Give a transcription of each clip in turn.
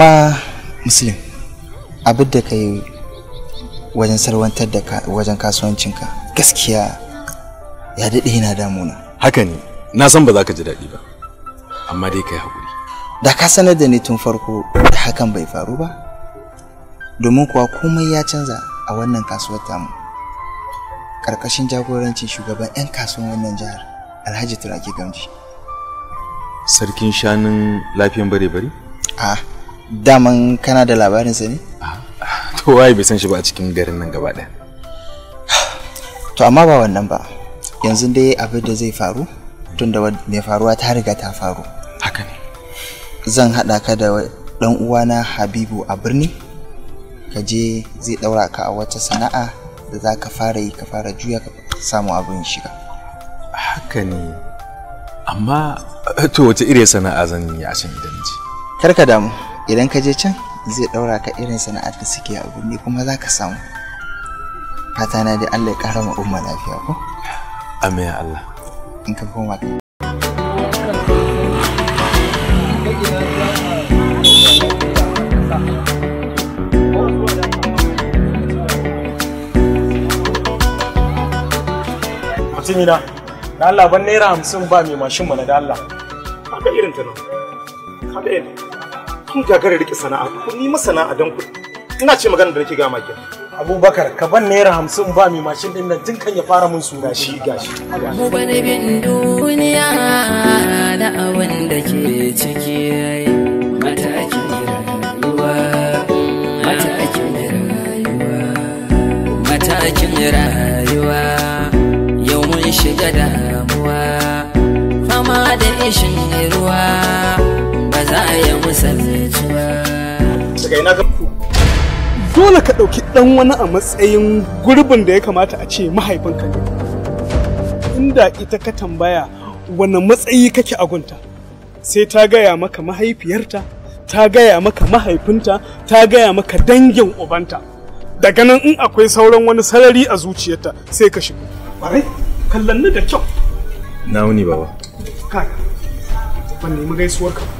amma muslim abin da ka yi wajen sarwantar da wajen kasuwancinka gaskiya ya daɗe yana damuna haka ne na san ba za ka ji daɗi ba amma dai ka yi haƙuri da ka sanar da ni tun farko da hakan bai faru ba domin kuwa komai ya canza a wannan kasuwar tamu ƙarƙashin jagorancin shugaban 'yan kasuwar wannan jihar alhaji turaki gamji sarkin shanun lafiyan bare-bare? a daman kana da labarinsa ne? to waye bai san shi ba a cikin garin nan gaba to amma ba wannan ba yanzu dai abin da zai faru tun da mai faruwa ta riga ta faru haka ne zan haɗa ka da ɗan uwana habibu a birni ka je zai ɗaura ka a wata sana'a da za ka fara yi ka fara juya ka samu abin shiga haka ne amma to wace irin sana'a zan yi a can idan ji kar ka damu idan ka je can zai ɗaura ka irin sana'ar da suke a birni kuma za ka samu fata na da Allah ya ƙara ma umma lafiya ko amin ya Allah in ka koma mutumina na Allah ban naira hamsin ba mai mashin mana da Allah haka irin ta nan haka irin kun gagara rike sana'a kun nima sana'a don ku ina ce magana da nake ga maki abubakar ka ban naira hamsin ba mai mashin din nan tun kan ya fara mun sura gashi gashi mu bane bin duniya da awan da ke ciki matakin rayuwa matakin rayuwa matakin rayuwa yau mun shiga damuwa fama da ishin ruwa dole ka ɗauki ɗan wani a matsayin gurbin da ya kamata a ce mahaifinka ne inda ita ka tambaya wani matsayi kake agunta sai ta gaya maka mahaifiyarta ta gaya maka mahaifinta ta gaya maka dangin ubanta daga nan in akwai sauran wani sarari a zuciyarta sai ka shigo ƙwarai kallon da kyau na wuni baba kai ban nemi gaisuwarka. ba.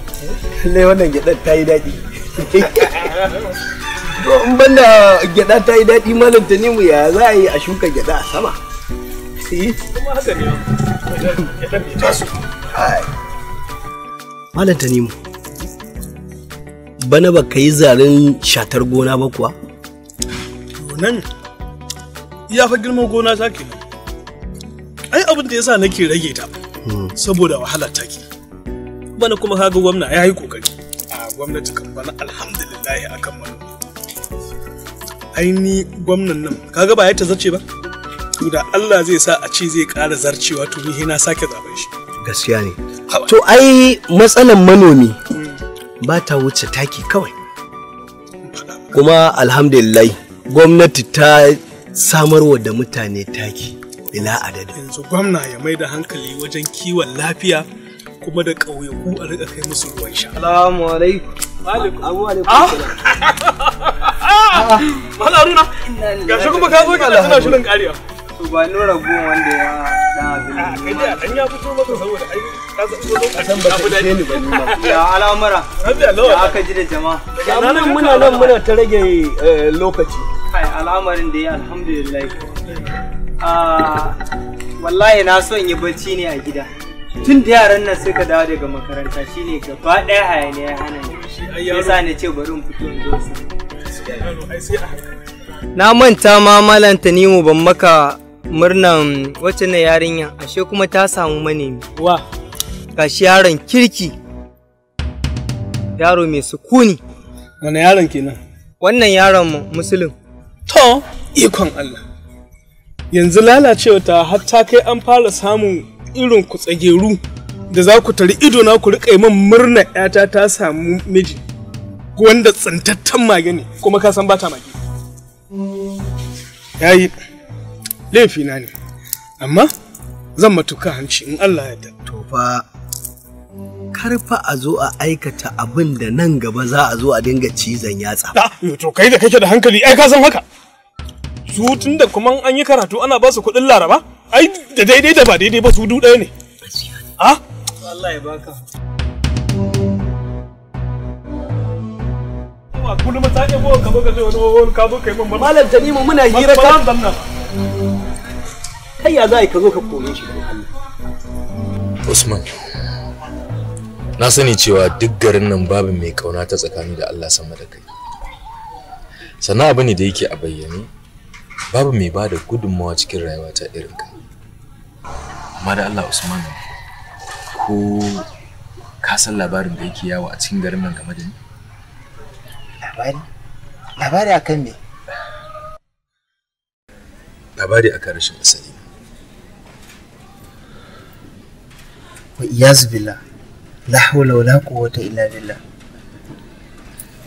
lai wannan gyaɗar ta yi daɗi to in banda gyaɗa ta yi daɗi malam ta nemu ya za a yi a shuka gyaɗa a sama eh? malam ta nemu bana ba ka yi zaren shatar gona ba kuwa nan ya fa girman gona ta ke ai abin da ya sa nake rage ta hmm. saboda wahalar take bana kuma kaga gwamna ya yi kokari a gwamnati kan bana alhamdulillah kan mana aini gwamnan nan kaga ba ya ta zarce ba to da Allah zai sa a ce zai ƙara zarcewa to ni na sake zaben shi gaskiya ne to ai matsalan manomi hmm. ba ta wuce taki kawai kuma alhamdulillah gwamnati ta samarwa da mutane taki ila adadin yanzu gwamna ya mai da hankali wajen kiwon lafiya kuma da ƙauyaku a riƙa kai musu ruwan sha. Salamu alaikum. Alaikum. Abu alaikum. Ah! Mala Haruna. Ga shi kuma ka zo ka da suna shirin ƙariya. To ba ni rago wanda ya da abin. Ah, kai dai An ya fito maka saboda ai ka zo ka san ba ta ni ba ni ba. Ya al'amura. Rabbi Allah. Ya aka ji da jama'a. Nan muna nan muna ta rage eh, lokaci. Kai al'amarin da ya alhamdulillah. Ah, wallahi na son yi bacci ne a gida. tun da yaran nan suka dawo daga makaranta shine gaba ɗaya hayaniya ya hana ni sa na ce bari in fito in zo na manta ma malam Tanimu ban maka murnan wacce na yarinya ashe kuma ta samu manemi wa shi yaron kirki yaro mai sukuni wani yaron kenan wannan yaron mu musulun to ikon Allah yanzu lalacewa ta har ta kai an fara samun irin ku tsageru da za ku tari ido na ku riƙa min murna ‘yata ta samu miji wanda tsantattan mage ne kuma ka san bata mage. Yayi na ne, amma zan matuka hanci in Allah ya To fa karfa a zo a aikata abin da nan gaba za a zo a dinga cizon yatsa. Ah, to kai da kake da hankali ai ka san haka. Su tunda da kuma an yi karatu ana ba su kuɗin laraba? ai da daidai da ba daidai ba su du ɗaya ne a wallahi baka kullu ma ta ɗebo ka zo zai zo wani ka zo kai mamman malam tanimu muna hira ka kai ya za a yi ka zo ka kore shi da Allah Usman na sani cewa duk garin nan babu mai kauna ta tsakani da Allah sama da kai Sana abu ne da yake a bayyane babu mai ba da gudunmawa cikin rayuwa ta irin kai amma da Allah Usman ko ka san labarin da yake yawo a cikin garin nan game da ni labari labari akan me labari akan rashin asali wa iyaz billah la hawla wala quwwata illa billah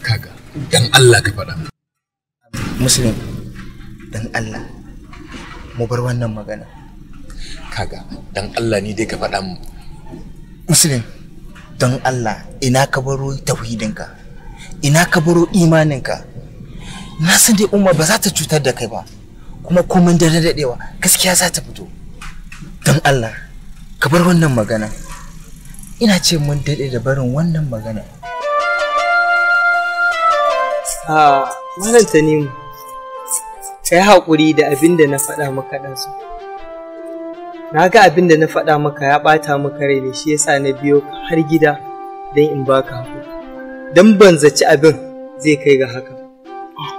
kaga dan Allah ka faɗa muslim dan Allah mu bar wannan magana kaga dan Allah ni dai ka faɗa mu Musulun, don Allah ina ka baro tauhidinka ina ka baro imaninka na san dai umma ba za ta cutar da kai ba kuma komai da daɗewa gaskiya za ta fito don Allah ka bar wannan magana ina ce mun daɗe da barin wannan magana a ah, malam tanimu ka yi haƙuri da abin da na faɗa maka ɗansu na ga abin da na faɗa maka ya ɓata maka rai ne shi yasa na biyo ka har gida don in baka haku don ban zaci abin zai kai ga haka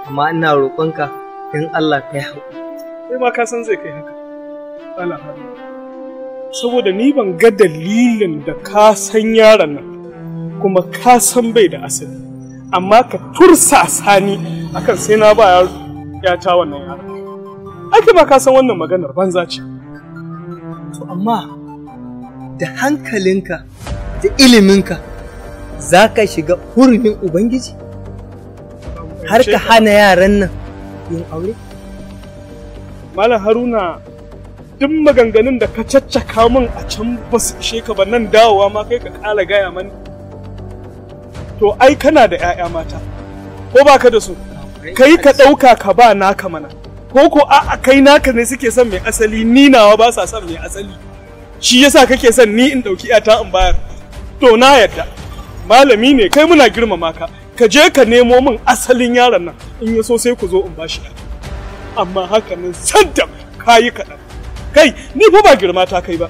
amma ina roƙonka don Allah ka yi hakuri kai ma ka san zai kai haka Allah saboda ni ban ga dalilin da ka san yaron nan kuma ka san bai da asali amma ka tursa sani akan sai na ba ya ta wannan yaron ake ma ka san wannan maganar banza ce to amma da hankalinka da iliminka za ka shiga hurumin ubangiji har ka hana yaran nan yin aure malam haruna duk maganganun da ka caccaka min a can ba su ishe ka ba nan dawowa ma kai ka kala gaya mani to ai kana da 'ya'ya mata ko baka da su kai ka ɗauka ka ba naka mana ko ko a'a kai naka ne suke son mai asali ni nawa ba sa son mai asali shi yasa kake son ni in ɗauki ta in bayar to na yarda malami ne kai muna girmama ka ka je ka nemo min asalin yaron nan in ya so sai ku zo in bashi amma haka nan sadda kayi kaɗan kai ni fa ba girma ta kai ba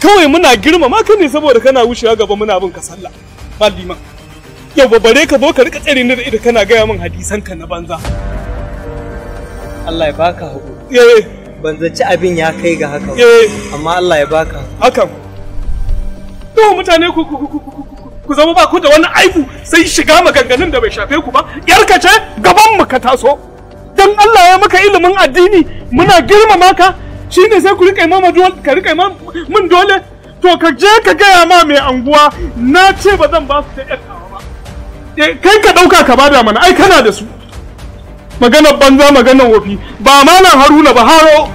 kawai muna girmama ka ne saboda kana wucewa gaba muna bin ka sallah malima yau bare ka zo ka rika tsare ni da ita kana gaya min hadisan ka na banza Allah ya baka haƙuri eh. ban zaci abin ya kai ga haka eh. amma Allah ya baka hakan to mutane ku ku zama ba ku da wani aibu sai shiga maganganun da bai shafe ku ba yar ce gaban mu ka taso dan Allah ya maka ilimin addini muna girmama ka shine sai ku rika mama dole ka rika mun dole to ka je ka gaya ma mai anguwa na ce ba zan ba su ta ba eh, kai ka ɗauka ka bada mana ai kana da su maganar banza maganar wofi ba malam haruna ba haro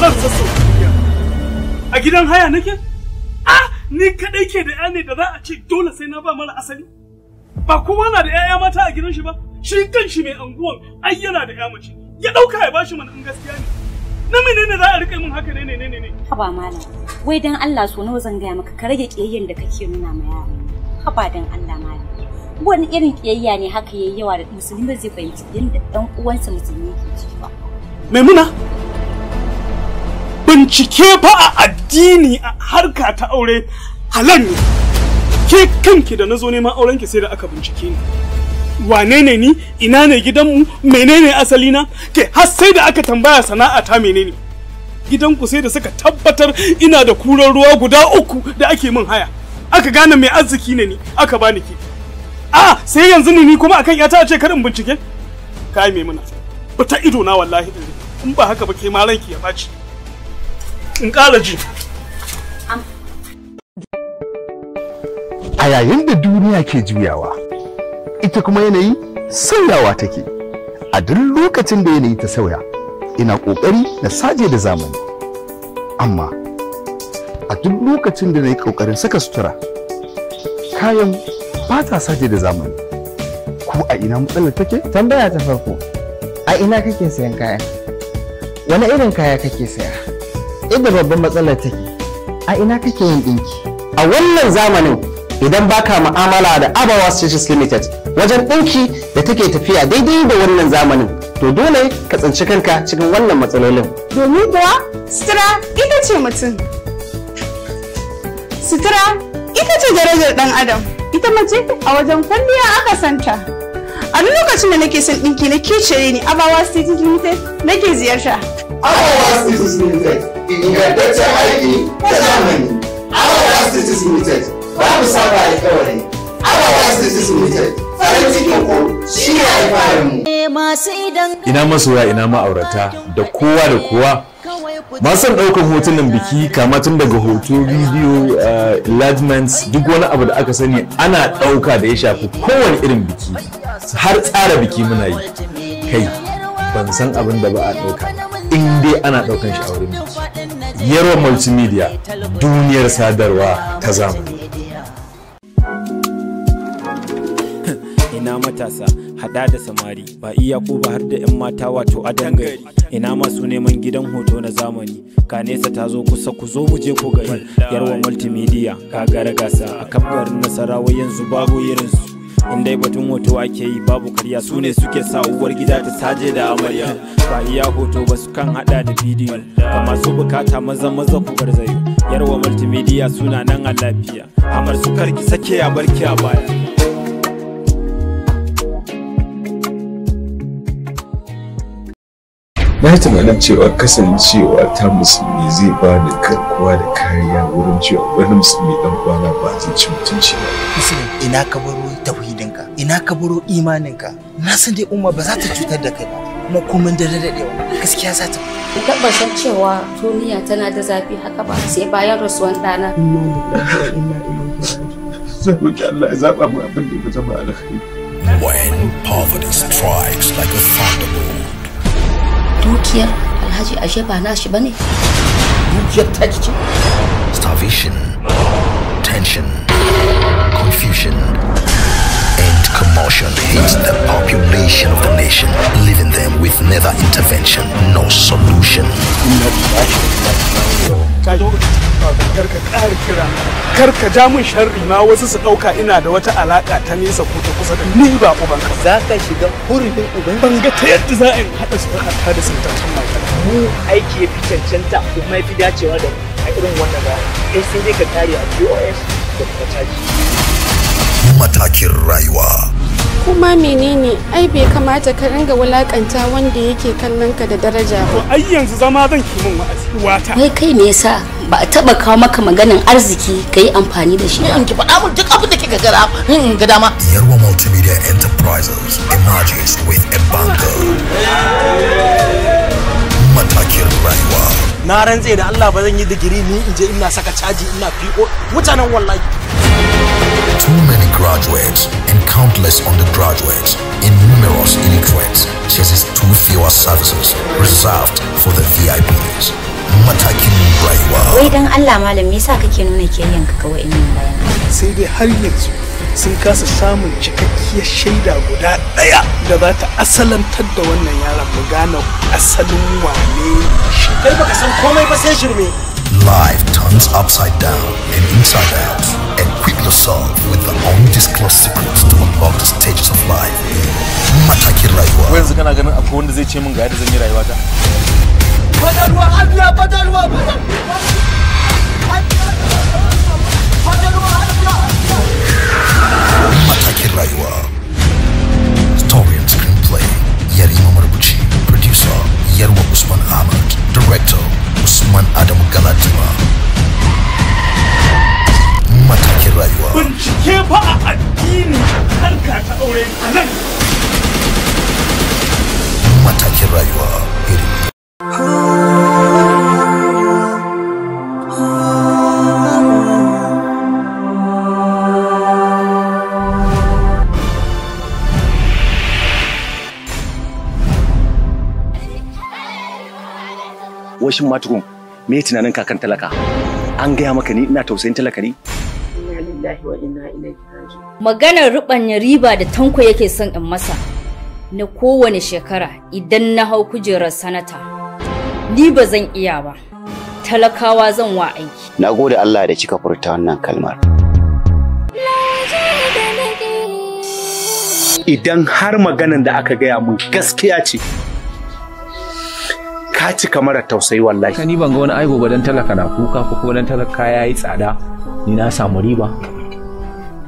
da a a gidan haya nake ah ni kadai ke da ne da za a ce dole sai na ba mara asali ba kowa na da 'ya'ya mata a gidan shi ba shi kan shi mai anguwan ai yana da ya mace ya dauka ya bashi mana in gaskiya ne na menene za a rika min haka ne ne ne ne haba malam wai dan Allah so nawa zan gaya maka ka rage kiyayyen da kake nuna ma yaro haba dan Allah malam wani irin kiyayya ne haka yayi yawa da musulmi ba zai fahimci yadda dan uwansa musulmi yake ci ba maimuna bincike fa a addini a harka ta aure halal ne ke kanki da nazo neman aurenki sai da aka bincike ni wane ne ni ina ne gidanmu menene asali na ke har sai da aka tambaya sana'a ta menene gidanku sai da suka tabbatar ina da kuran ruwa guda uku da ake min haya aka gane mai arziki ne ni aka bani ke. a sai yanzu ne ni kuma akan yata a ce karin bincike kai mai muna ba ta ido na wallahi in ba haka ba ke ma ranki ya baci in ƙara ji a yayin da duniya ke juyawa ita kuma yanayi sauyawa take a duk lokacin da yanayi ta sauya ina ƙoƙari na saje da zamani amma a duk lokacin da na yi ƙoƙarin saka sutura kayan ba ta saje da zamani ko a ina matsalar take tambaya ta farko a ina kake sayan kaya wani irin kaya kake saya inda babban matsalar take a ina kake yin ɗinki a wannan zamanin idan baka mu'amala da abawa stations limited wajen ɗinki da take tafiya daidai da wannan zamanin to dole ka tsinci kanka cikin wannan matsalolin domin kuwa sutura ita ce mutum sutura ita ce darajar ɗan adam ita mace a wajen kwalliya aka santa a duk lokacin da nake son ɗinki na kicire ne abawa city limited nake ziyarta abawa city limited ingantaccen aiki ta zamani abawa city limited babu saba ina masoya ina ma'aurata da kowa da kowa masan ɗaukar hotunan biki kama tun daga hoto bidiyo eh, enlargements duk wani abu da aka sani ana ɗauka da ya shafi kowane irin biki har tsara biki muna yi kai ban san abin da ba a ɗauka in dai ana ɗaukan shi a wurin biki yarwa multimedia duniyar sadarwa ta zamani ina hada da samari ba iya ko ba har da 'yan mata wato a gari ina masu neman gidan hoto na zamani ka nesa ta zo kusa ku zo mu je ku gari yarwa multimedia ka gara gasa a kan garin nasarawa yanzu babu irin in dai batun hoto ake yi babu karya su ne suke sa uwar gida ta saje da amarya ba iya hoto ba su kan hada da bidiyo ga masu bukata maza maza ku garzayo yarwa multimedia suna nan a lafiya hamar su karki sake a barki a baya na yi tunanin cewa kasancewa ta musulmi zai ba ni karkuwa da kariya wurin cewa wani musulmi dan kwana ba zai ci mutunci ba. Musulmi ina ka baro tauhidinka ina ka baro imaninka na san dai umma ba za ta cutar da kai ba kuma komai da daɗewa gaskiya za ta tabbatar cewa duniya tana da zafi haka ba sai bayan rasuwan ɗana. Zan roƙi Allah ya zaɓa mu abin da ya zama alkhairi. When poverty strikes like a thunderbolt dukiyar alhaji ashe ba nashi bane dukiyar taki ce starvation tension confusion and commotion hits the population of the nation leaving them with neither intervention nor solution ka zo kar ka kira kar ka ja min sharri ma wasu su ɗauka ina da wata alaƙa ta nesa ko ta kusa da ni ba uban ka za ka shiga hurumin uban ban ga ta yadda za a yi haɗa su ta da sintancin mata mu aiki ya fi cancanta kuma ya fi dacewa da a irin wannan ba kai sai dai ka kare a pos da kuma caji matakin rayuwa kuma menene ai bai kamata ka ringa wulakanta wanda yake kallon ka da daraja ba ai yanzu zama zan ki min wata wai kai me yasa ba a taba kawo maka maganin arziki ka yi amfani da shi ba in ki faɗa mun duk abin da kika gara ga dama yarwa multimedia enterprises emerges with a banker matakin rayuwa na rantse da Allah ba zan yi ni ina saka ina PO mutanen wallahi Too many graduates and countless undergraduates and numerous illiterates chases too fewer services reserved for the VIPs. Matakin rayuwa. Wai dan Allah malam me kake nuna kiyayen ka ga wa'annan bayanan? Sai dai har yanzu sun kasa samun cikakkiyar shaida guda ɗaya da za ta asalantar da wannan yaron mu gane asalin wane shi kai baka san komai ba sai shirme Life turns upside down and inside out and quickly solved with the disclosed secrets to unlock the stages of life. Matakin rayuwa. Wai yanzu kana ganin akwai wanda zai ce min ga yadda zan yi rayuwa ta? Fadarwa, abiya fadarwa, fadarwa, fadarwa. rayuwa story and screenplay yarima marubuci producer yarwa usman ahmad director usman adam galadima matakin rayuwa bincike ba a addini harka ta aure a nan matakin rayuwa shin ma tukun me tunanin kakan talaka an gaya maka ni ina tausayin talaka ne maganar rubanya riba da tanko yake son in masa na kowane shekara idan na hau kujerar sanata ni ba zan iya ba talakawa zan wa aiki na gode Allah da kika furta wannan kalmar idan har maganar da aka gaya mun gaskiya ce ka cika mara tausayi wallahi ni ban ga wani aibo ba dan talaka na kuka ko kuma dan talaka yayi tsada ni na samu riba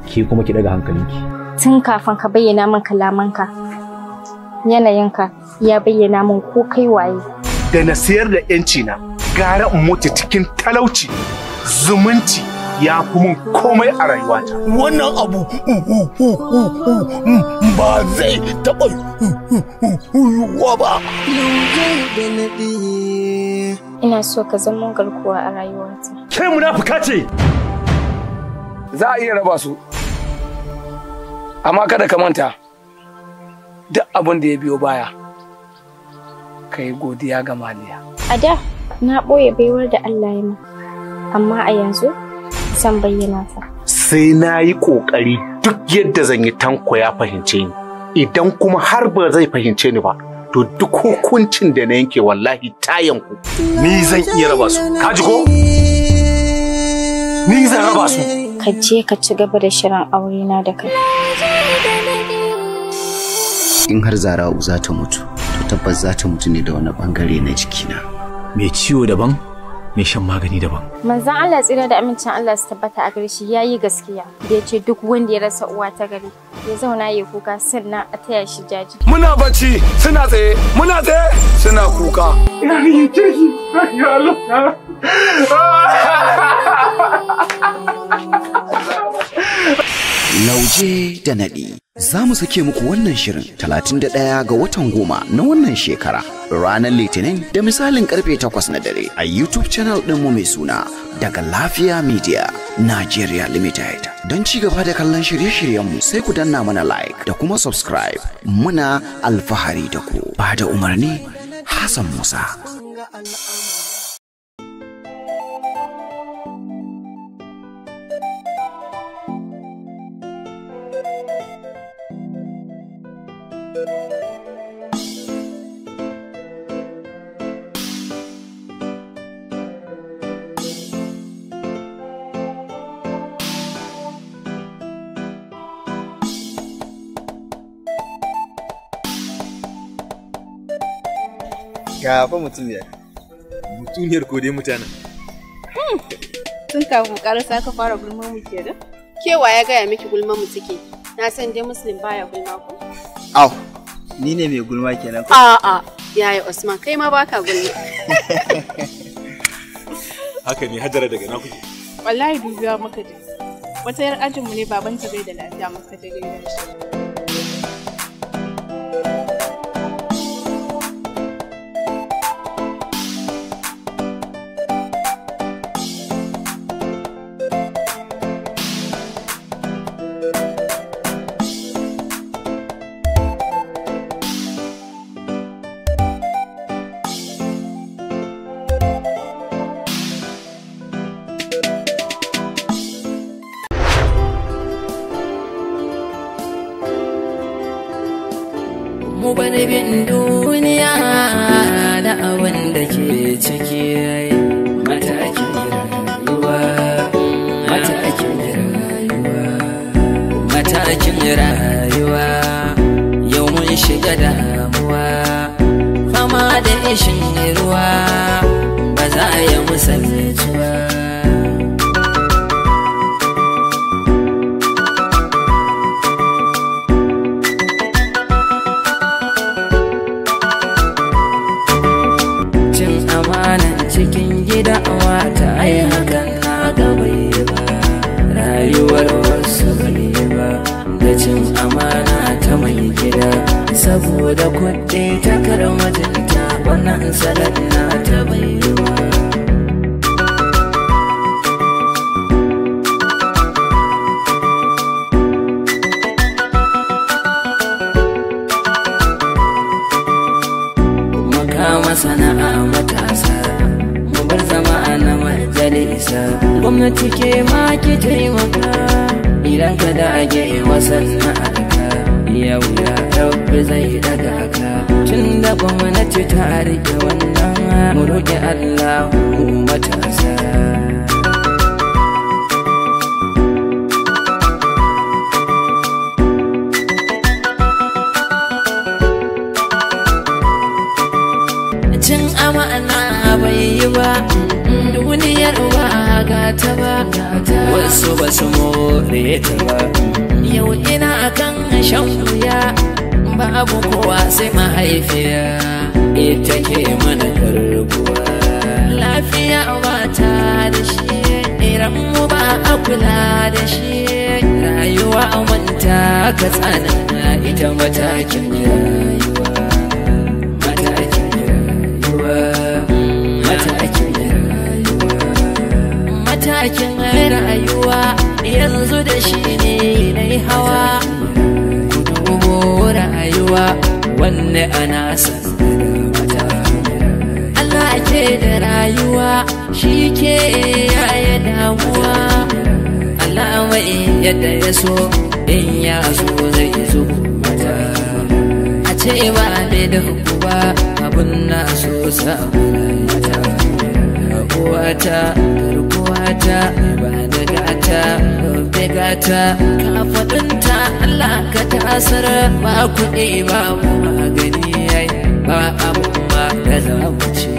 ke kuma ki daga hankalinki tun kafin ka bayyana min kalamanka yanayinka ya bayyana min ko kai waye da na sayar da yanci na gara in mutu cikin talauci zumunci ya fi mun komai a rayuwata. Wannan abu uh, uh, uh, mm, ba zai taɓa yiwuwa ba. Ina so ka zama garkuwa a rayuwata. Ke munafuka ce! Za a iya raba su, amma kada ka manta duk abin da ya biyo baya. Ka yi godiya ga maliya. A da na ɓoye baiwar da Allah ya amma a yanzu san bayyana ta. Sai na yi ƙoƙari duk yadda zan yi tanko ya fahimce ni. Idan kuma har ba zai fahimce ni ba, to duk hukuncin da na yanke wallahi ta yanku. Ni zan iya raba su, ka ji ko? Ni zan raba su. Ka je ka ci gaba da shirin aure na da kai. In har zara'u za ta mutu, to tabbas za ta mutu ne da wani bangare na jikina. Mai ciwo daban? ne shan magani daban. Manzon Allah tsira da amincin Allah su tabbata a gare shi ya gaskiya da ya ce duk wanda ya rasa uwa ta gari ya zauna ya kuka sannan a taya shi jaji. Muna bacci suna tsaye muna tsaye suna kuka. Ina ni ce shi ya Allah. Lauje da Naɗi. Za mu sake muku wannan shirin 31 ga watan goma na wannan shekara ranar Litinin da misalin karfe 8 na dare a YouTube channel ɗinmu mai suna daga Lafiya Media Nigeria Limited. Don ci gaba da kallon shirye-shiryenmu sai ku danna mana like da kuma subscribe muna alfahari da ku. Ba da umarni Hassan Musa. Ga fa mutum ya. Mutuniyar ko dai mutanen. Hmm. Tun kafin sa ka fara gulmar mu ke da? Kewa ya gaya miki gulmar mu take. Na san dai Muslim baya gulma ku Au, ni ne mai gulma kenan ko? A'a, yaya Usman kai ma baka gulma. Haka ne hajara daga na kuke. Wallahi dubiya maka je. Wata yar ajinmu ne babanta bai da lafiya maka je gaida shi. tun da gwamnati ta rike wannan mu roƙi Allah mu matasa cin amana bai yi ba duniyar uba ta ba wasu ba su more ta ba yau ina akan shan wuya babu kowa sai mahaifiya ita ke mana karbuwa lafiya ba ta da shi iran mu ba a kula da shi rayuwa a manta ka tsana ita matakin rayuwa ne ana Allah ke da rayuwa shi ke yaya damuwa Allah mai yadda ya so in ya so zai zo a ce ba ne da hukuba abun na so sa uwata gata ba na gata da gata ka faɗinta Allah ka tasar ba kuɗi ba mu magani yayi ba abun ba da za mu ci